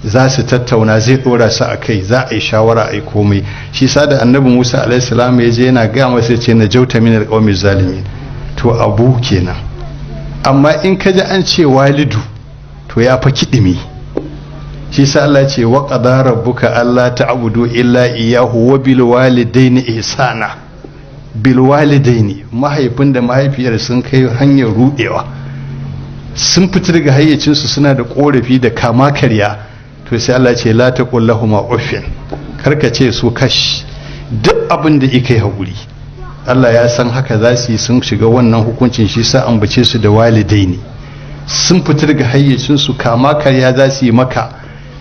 za su tattauna zai dora su a kai za a yi shawara a yi komai shi sa da annabi musa alaihissalam ya je yana gaya masa ce na jauta minar alqawmi zalimi to abu kenan amma in ka ji an ce walidu to ya fa kiɗimi shi sa Allah ce wa qada rabbuka alla ta'budu illa iyyahu wa bil walidaini ihsana bil walidaini mahaifin da mahaifiyar sun kai hanyar rudewa sun fita daga hayyacin su suna da korafi da kama karya to sai Allah ce la taqul lahum uffin karka ce su kash duk abin da yake haƙuri Allah ya san haka za su yi sun shiga wannan hukuncin shi sa ambace su da walidaini sun fita ga hayyacinsu kama karya za su yi maka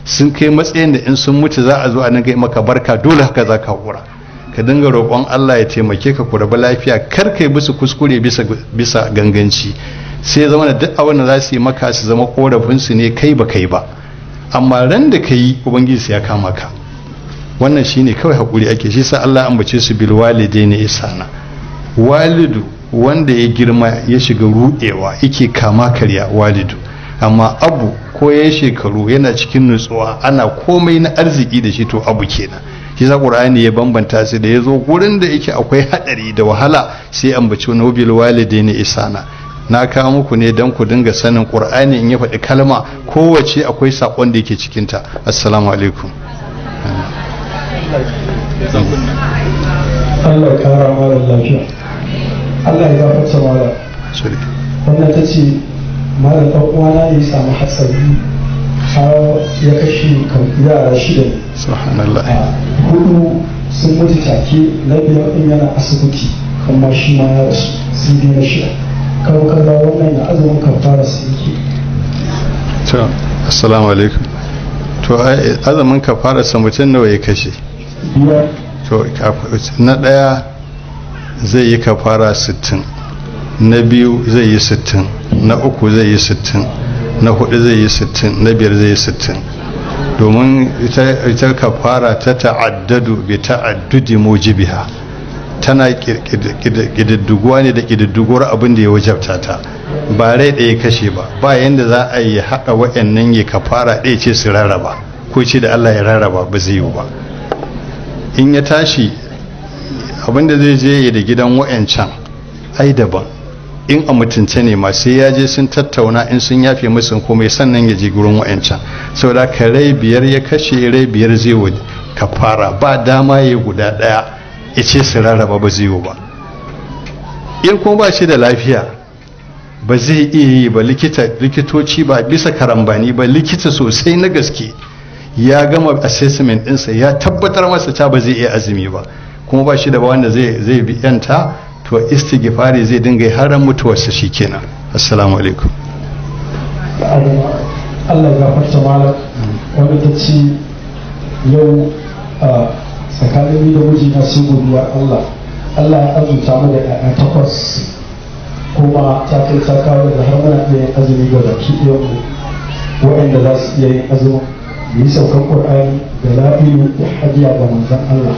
sun kai matsayin da in sun mutu za a zo a gai maka barka dole haka za ka hura ka dinga roƙon Allah ya taimake ka ku raba lafiya kar kai bisa kuskure bisa bisa ganganci sai zama da duk abin da za su yi maka su zama korafin su ne kai ba kai ba amma ran da ka yi ubangiji ya kama ka wannan shine kawai hakuri ake shi sa Allah ambace su bil walidaini isana walidu wanda ya girma ya shiga rudewa yake kama karya walidu amma abu ko ya shekaru yana cikin nutsuwa ana komai na arziki da shi to abu kenan shi sa qur'ani ya bambanta sai da ya zo gurin da yake akwai haɗari da wahala sai ambaci nobil na isana na kawo muku ne don ku dinga sanin qur'ani in ya faɗi kalma kowace akwai saƙon da yake cikin ta assalamu alaikum Allah ya gafarta mala wannan ta ce mala ɗan na ya samu hatsari har ya kashe yara shida hudu sun mutu take na biyar ɗin yana asibiti amma shi ma ya rasu sun biya shida kawo kalla wannan ya azumin kafara su yake to assalamu alaikum to azumin kafara sa mutum nawa ya kashe to na ɗaya zai yi kafara 60 na biyu zai yi 60 na uku zai yi 60 na hudu zai yi 60 na biyar zai yi 60 domin ita kafara ta ta'addadu bi ta'addudi mujibiha tana kididduguwa ne da kididduguwar abin da ya wajabta ta ba rai ɗaya kashe ba ba yadda za a yi haɗa wa'annan ya kafara ɗaya ce su rarraba ko ce da Allah ya rarraba ba zai yiwu ba in ya tashi abinda zai je ya da gidan wa'ancan ai daban in a mutunce ne ma sai ya je sun tattauna in sun yafe musu komai sannan ya je gurin wa'ancan da ka rai biyar ya kashe rai biyar zai wa kafara ba dama ya guda daya ya ce su rarraba ba zai ba in kuma ba shi da lafiya ba zai iya yi ba likitoci ba bisa karambani ba likita sosai na gaske ya gama assessment ɗinsa ya tabbatar masa ta ba zai iya azumi ba kuma ba shi da ba wanda zai zai bi yanta to istighfari zai dinga har ran mutuwarsa shikenan assalamu alaikum Allah ya gafarta malam wanda ta ce yau tsakanin da mijina sai godiya Allah Allah ya azurta mu da ƴaƴa takwas kuma ta kai ta kawo da har mana iya azumi ga baki ɗayan waɗanda za su iya yin azumi yi saukar Qur'ani da lafiyu da hajiya ga manzon Allah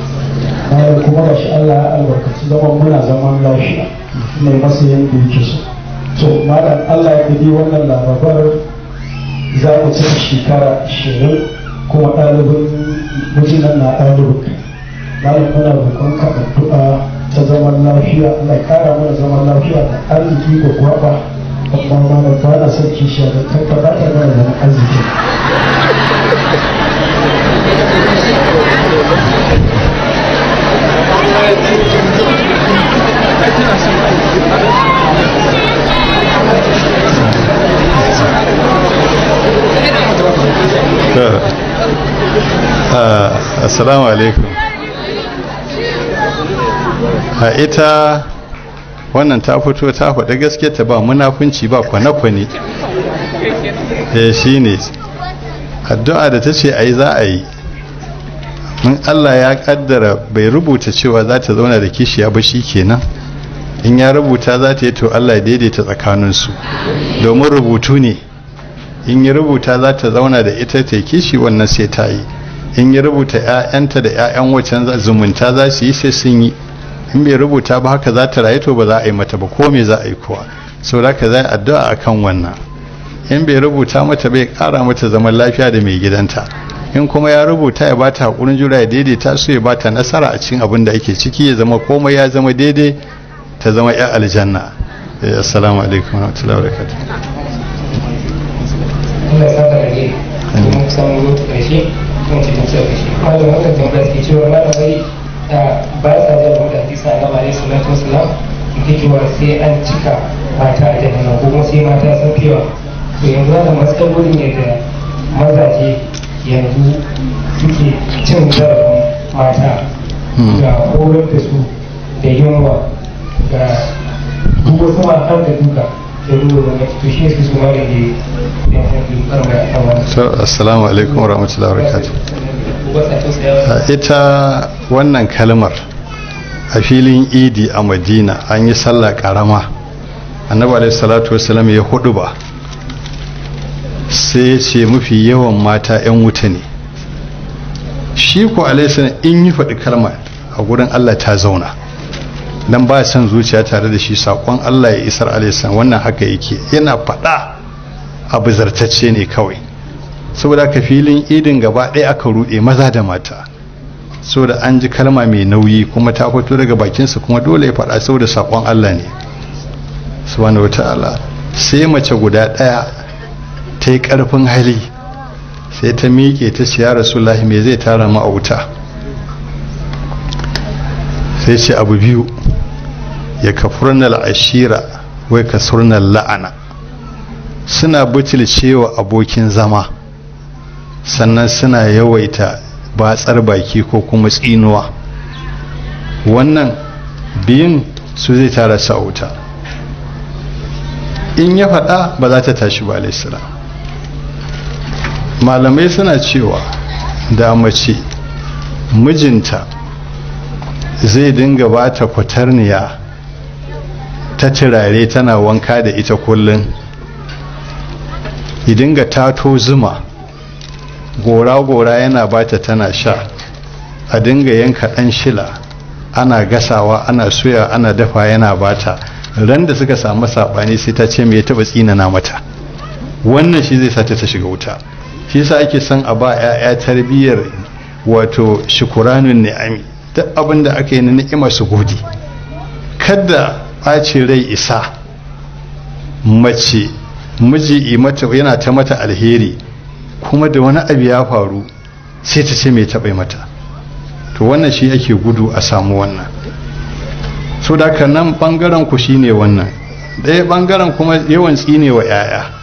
bayan kuma bashi shi Allah ya albarkaci zaman muna zaman lafiya mai masa yadda yake so to malam Allah ya kudi wannan larabar za ku ci shekara shirin kuma ɗalibin mutunan na ɗalibin malam muna roƙon ka addu'a ta zaman lafiya Allah ƙara mana zaman lafiya da arziki da kwaba amma malam ba na son kishiya da tabbata ta mana zaman arziki Eh, assalamu alaikum a ita wannan ta fito ta faɗi gaske ta ba munafunci ba kwane-kwane eh, shi ne addu'a da ta ce a yi za a yi in Allah ya kaddara bai rubuta cewa za ta zauna da kishiya ba shi kenan in ya rubuta za ta yi to Allah ya daidaita tsakaninsu domin rubutu ne in ya rubuta za ta zauna da ita ta kishi wannan sai ta yi in ya rubuta 'ya'yanta da 'ya'yan wacan zumunta za su yi sai sun yi in bai rubuta ba haka za ta rayu to ba za a yi mata ba ko me za a yi kuwa sau da ka za addu'a akan wannan in bai rubuta mata bai kara mata zaman lafiya da mai gidanta in kuma ya rubuta ya bata hakurin jura ya daidaita su ya bata nasara a cikin abin da ake ciki ya zama komai ya zama daidai ta zama ya aljanna eh, assalamu alaikum wa rahmatullahi wa barakatuh Allah ya sa da rage kuma samun rubutu karshe kuma cikin kyau karshe malam wannan tambaya ke cewa malamai ah, ba sa da wanda sa na bare salatu wasalam yake cewa sai an cika mata a jahannama kuma sai mata sun fiwa to yanzu wannan matsalolin yadda yanzu suke cin zarafin mata ga horar da su da yunwa ga duk su matan da duka Assalamu alaikum warahmatullahi wabarakatuh. Uh, ita wannan kalmar a filin idi a Madina an yi sallah karama. Annabi alaihi salatu wasallam ya hudu ba. sai ya ce mafi yawan mata 'yan wuta ne shi ko alaisa in yi faɗi kalma a gurin allah ta zauna don ba son zuciya tare da shi saƙon allah ya isar alaisa wannan haka yake yana faɗa abu zartacce ne kawai saboda ka filin idin gaba ɗaya aka ruɗe maza da mata saboda an ji kalma mai nauyi kuma ta fito daga bakinsa kuma dole ya faɗa saboda saƙon allah ne subhanahu wa ta'ala sai mace guda ɗaya ta yi ƙarfin hali sai ta miƙe ta ce ya lahi me zai tara ma'auta sai ce abu biyu ya kafurnar ashira wai kasurnar la'ana suna cewa abokin zama sannan suna yawaita batsar baki ko kuma tsinuwa wannan biyun su zai tara sa wuta in ya faɗa ba za ta tashi ba alaihi malamai suna cewa da mace mijinta zai dinga ba ta kwatarniya ta tirare tana wanka da ita kullum dinga tato zuma gora-gora yana ba ta tana sha a dinga yanka ɗan shila ana gasawa ana soya ana dafa yana ba ta ran da suka samu saɓani sai ta ce mai taɓa tsinana mata wannan shi zai sa ta shiga wuta shi yasa ake son a ba 'ya'ya tarbiyyar wato shukuranun ni'ami duk abin da aka yi na ni'ima su gode kada ɓacin rai isa mace miji mata yana ta mata alheri kuma da wani abu ya faru sai ta ce mai taɓa mata to wannan shi ake gudu a samu wannan so da nan ɓangaren ku shine wannan ɗaya ɓangaren kuma yawan tsine wa 'ya'ya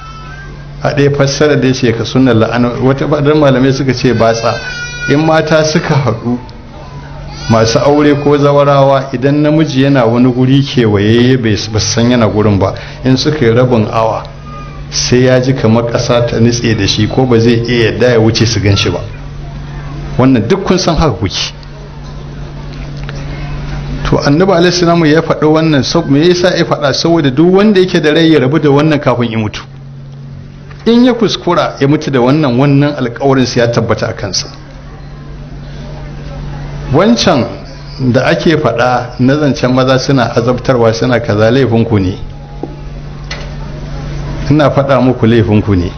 haɗe fassara da ce ka suna la'ana wata badar malamai suka ce batsa in mata suka haɗu masu aure ko zawarawa idan namiji yana wani guri kewaye bai san yana gurin ba in suka yi rabin awa sai ya ji kamar ƙasa ta nutse da shi ko ba zai iya yadda ya wuce su gan shi ba wannan duk kun san haka kuke to annabi alaihi ya faɗi wannan me yasa ya faɗa saboda duk wanda yake da rai ya rabu da wannan kafin ya mutu in ya kuskura ya mutu da wannan wannan alkawarin ya tabbata a kansa wancan da ake faɗa na zancen maza suna azabtarwa suna kaza laifinku ne ina faɗa muku laifinku ne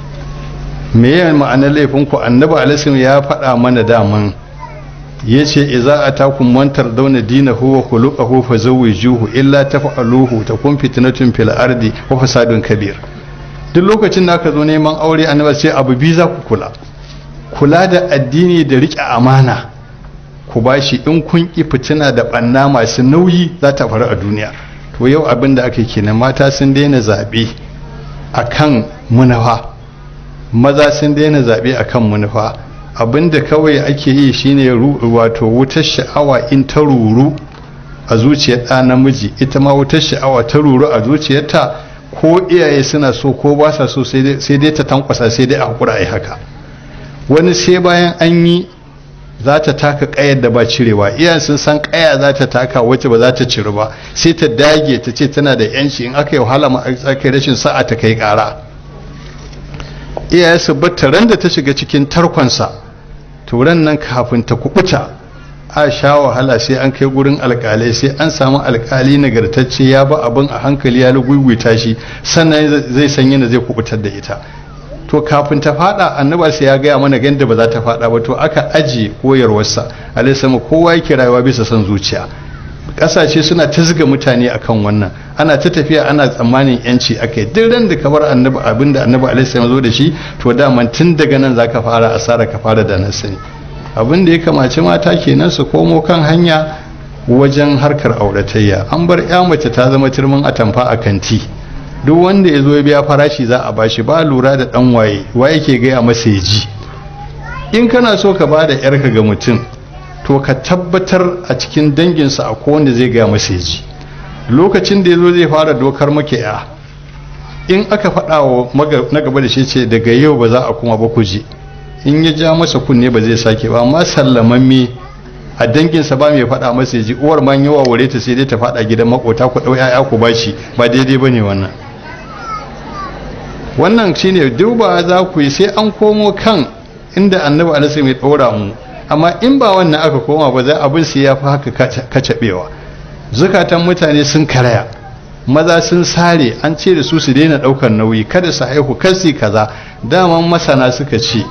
me ya ma'anar laifinku annaba alaihi ya faɗa mana daman ya ce za a takun mantar dauna dina huwa kuluka hufa zuwi juhu illa tafa aluhu ta kun fitinatun fil'ardi ardi wa fasadun kabir duk lokacin da aka zo neman aure annabi ce abu biyu za ku kula kula da addini da riƙe amana ku bashi in kun ki fitina da ɓanna masu nauyi za ta faru a duniya to yau abin da aka kenan mata sun daina zaɓe a kan munafa maza sun daina zaɓe a kan munafa abin da kawai ake yi shine wato wutar sha'awa in ta ruru a zuciyar ɗa namiji ita ma wutar sha'awa ta ruru a zuciyarta ko iyaye suna so ko ba sa so sai dai ta tankwasa sai dai a hakura haka wani sai bayan an yi za ta taka kayar da ba cirewa iyayen sun san kaya za ta taka wacce ba za ta ciru ba sai ta dage ta ce tana da yanci in aka yi wahala ma aka rashin sa'a ta kai kara Iyaye su batta randa ta shiga cikin tarkonsa turan nan kafin ta kubuta a sha wahala sai an kai gurin alkalai sai an samu alkali nagartacce ya ba abin a hankali ya lugugwita shi sannan zai san da zai kubutar da ita to kafin ta fada annaba sai ya gaya mana ganda ba za ta fada ba to aka aje koyarwarsa alaisama kowa yake rayuwa bisa son zuciya kasashe suna tazga mutane akan wannan ana ta tafiya ana tsammanin yanci akai duk ran da ka bar annabi abinda annabi alaihi zo da shi to daman tun daga nan zaka fara asara ka fara da nan abin da ya kamace mata kenan su komo kan hanya wajen harkar auratayya an bar ya mace ta zama turmin atamfa a kanti duk wanda ya zo ya biya farashi za a bashi ba lura da dan waye waye ke gaya masa ya ji in kana so ka ba da yarka ga mutum to ka tabbatar a cikin danginsa a wanda zai gaya masa ya ji lokacin da ya zo zai fara dokar muke ya in aka faɗa wa na gaba da shi ce daga yau ba za a kuma ba ku je in ya ja masa kunne ba zai sake ba amma sallamamme a danginsa ba mai faɗa masa ji uwar man yawa wure ta sai dai ta faɗa gidan makota ku ɗau ya'ya ku bashi ba daidai ba ne wannan wannan shine duba za ku yi sai an komo kan inda annabi anasa mai ɗora mu amma in ba wannan aka koma ba za abin sai ya fi haka kacaɓewa zukatan mutane sun karaya maza sun sare an ce da su su daina ɗaukar nauyi kada su haihu kasi kaza dama masana suka ce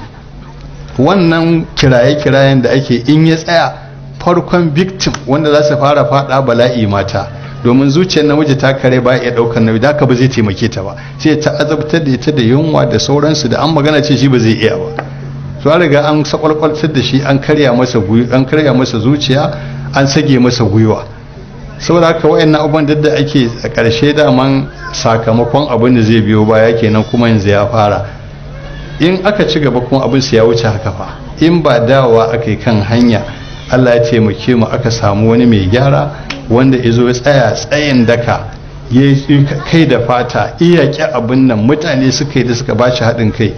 wannan kiraye-kirayen da ake in ya tsaya farkon victim wanda za su fara fada bala'i mata domin zuciyar namiji ta kare ba ya daukar nauyi da ba zai taimake ta ba sai ta azabtar da ita da yunwa da sauransu da an magana ce shi ba zai iya ba to riga an sakwalkwaltar da shi an karya masa an karya masa zuciya an sage masa gwiwa saboda haka wayannan abun da ake a ƙarshe daman sakamakon abin da zai biyo baya kenan kuma yanzu ya fara in aka ci gaba kuma abin su ya wuce haka fa in ba dawowa aka yi kan hanya Allah ya taimake mu aka samu wani mai gyara wanda zo ya tsaya tsayin daka ya kai da fata iya ki abin nan mutane suka yi da suka bashi haɗin kai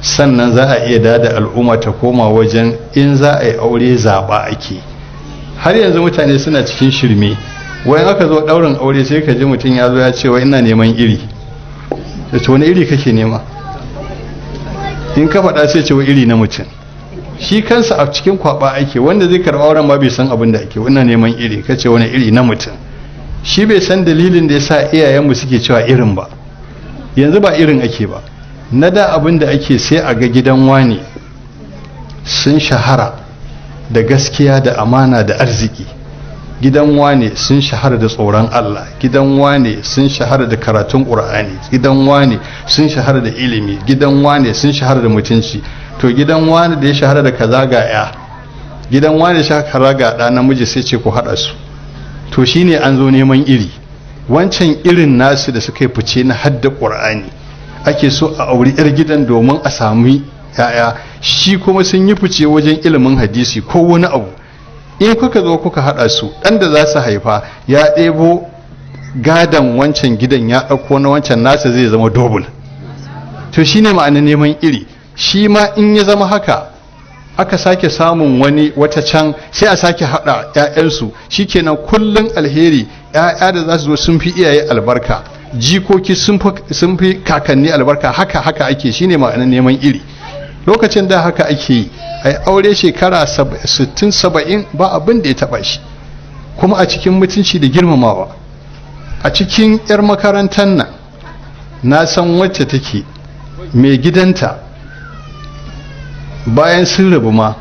sannan za a iya dada al'umma ta koma wajen in za a yi aure zaɓa ake har yanzu mutane suna cikin shirme wayan aka zo ɗaurin aure sai ka ji mutum ya zo ya ce wa ina neman iri da wani iri kake nema in ka faɗa sai ce wa iri na mutum shi kansa a cikin kwaba ake wanda zai karɓa auren ma bai san abin da ake wannan neman iri ka ce wani iri na mutum shi bai san dalilin da ya sa iyayenmu suke cewa irin ba yanzu ba irin ake ba na da abin da ake sai a ga gidan wani sun shahara da gaskiya da amana da arziki gidan wane sun shahara da tsoron Allah gidan wane sun shahara da karatun ƙur'ani gidan wane sun shahara da ilimi gidan wane sun shahara da mutunci to gidan wane da ya shahara da kaza ga ya gidan wane shahara ga ɗa namiji sai ce ku haɗa su to shine an zo neman iri wancan irin nasu da suka yi fice na hadda ƙur'ani ake so a auri 'yar gidan domin a sami ya'ya shi kuma sun yi fice wajen ilimin hadisi ko wani abu in kuka zo kuka haɗa su ɗan da za su haifa ya ɗebo gadon wancan gidan ya ɗauko na wancan nasa zai zama dobul to shi ne ma'ana neman iri shi ma in ya zama haka aka sake samun wani wata can sai a sake haɗa 'ya'yansu kenan kullum alheri 'ya'ya da za su zo sun fi iyaye albarka jikoki sun fi kakanni albarka haka haka ake shine ma'ana neman iri lokacin da haka ake yi a aure shekara 60-70 ba abin da ya taba shi kuma a cikin mutunci da girmamawa a cikin 'yar makarantar nan na san wacce take mai gidanta bayan sun rubu ma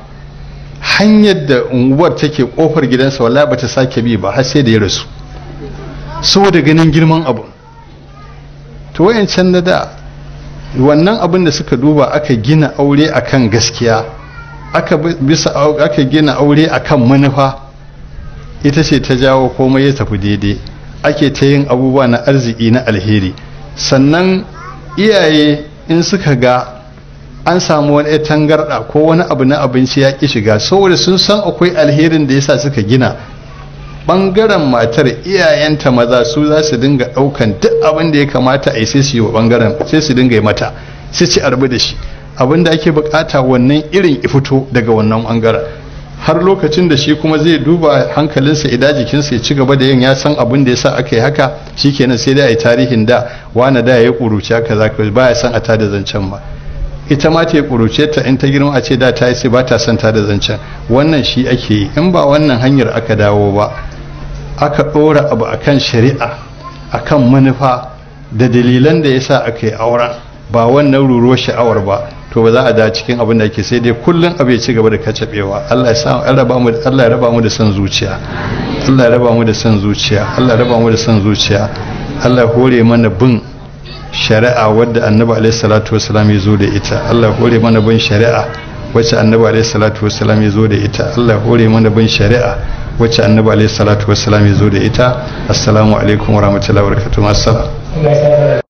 hanyar da unguwar take kofar gidansa wala ba ta sake bi ba har sai da ya rasu saboda ganin girman abu to wayancan na da wannan abin da suka duba aka gina aure akan gaskiya aka bisa aka gina aure akan manufa ita ce ta jawo komai ya tafi daidai ake ta yin abubuwa na arziki na alheri sannan iyaye in suka ga an samu wani tangarɗa ko wani abu na abinci ya ƙi shiga saboda sun san akwai alherin da yasa suka gina bangaren matar iyayenta maza su za su dinga daukan duk abin da ya kamata a yi sai su yi wa bangaren sai su dinga yi mata sai ci arbi da shi abin da ake bukata wannan irin ifito daga wannan bangaren har lokacin da shi kuma zai duba hankalinsa idan jikinsa ya ci gaba da yin ya san abin da ya sa aka yi haka shikenan sai dai a yi tarihin da wani da ya yi kuruci haka za ka baya san a tada zancen ba ita ma ta yi kuruce ta in ta girma a ce da ta yi sai ba ta son tada zancen wannan shi ake yi in ba wannan hanyar aka dawo ba aka ɗora abu a kan shari'a a kan manufa da dalilan da ya sa aka yi auren ba wannan ruruwar sha'awar ba to ba za a da cikin abin da ke sai dai kullum abu ya ci gaba da kacabewa Allah ya sa raba mu Allah ya raba mu da san zuciya Allah ya raba mu da san zuciya Allah ya raba mu da san zuciya Allah ya hore mana bin shari'a wadda Annabi alayhi salatu wasallam ya zo da ita Allah ya hore mana bin shari'a wacce Annabi alayhi salatu wasallam ya zo da ita Allah ya hore mana bin shari'a wacce annabi alaihi salatu wassalam ya zo da ita assalamu alaikum warahmatullahi wabarakatuh